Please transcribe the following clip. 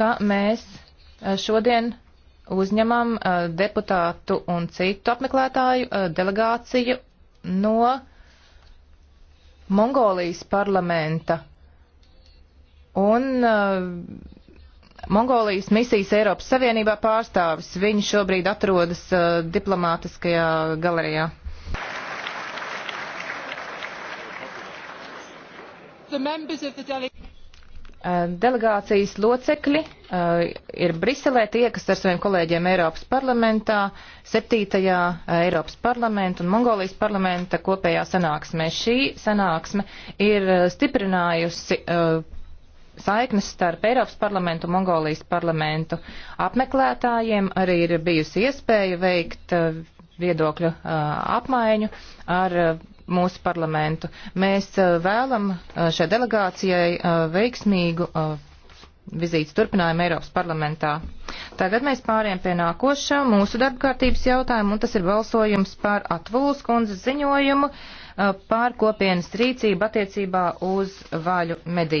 ka mēs eh, šodien uzņemam eh, deputātu un citu apmeklētāju eh, delegāciju no Mongolijas parlamenta un Mongolijas misijas Eiropas Savienībā pārstāvis. Viņi šobrīd atrodas diplomātiskajā galerijā. The members of the delegation. Eh, delegācijas locekļi eh, ir Briselē tie, kas ar saviem kolēģiem Eiropas parlamentā, 7. Eh, Eiropas parlamenta un Mongolijas parlamenta kopējā sanāksmē. Šī sanāksme ir stiprinājusi saiknes starp Eiropas parlamentu un Mongolijas parlamentu. Apmeklētājiem arī ir bijusi iespēja veikt viedokļu apmaiņu ar mūsu parlamentu. Mēs uh, vēlam uh, šai delegācijai uh, veiksmīgu vizītes turpinājumu Eiropas parlamentā. Tagad mēs pāriem pie nākošā mūsu darbkārtības jautājuma, un tas ir balsojums par Atvulas kundzes ziņojumu par kopienas rīcību attiecībā uz vaļu medību.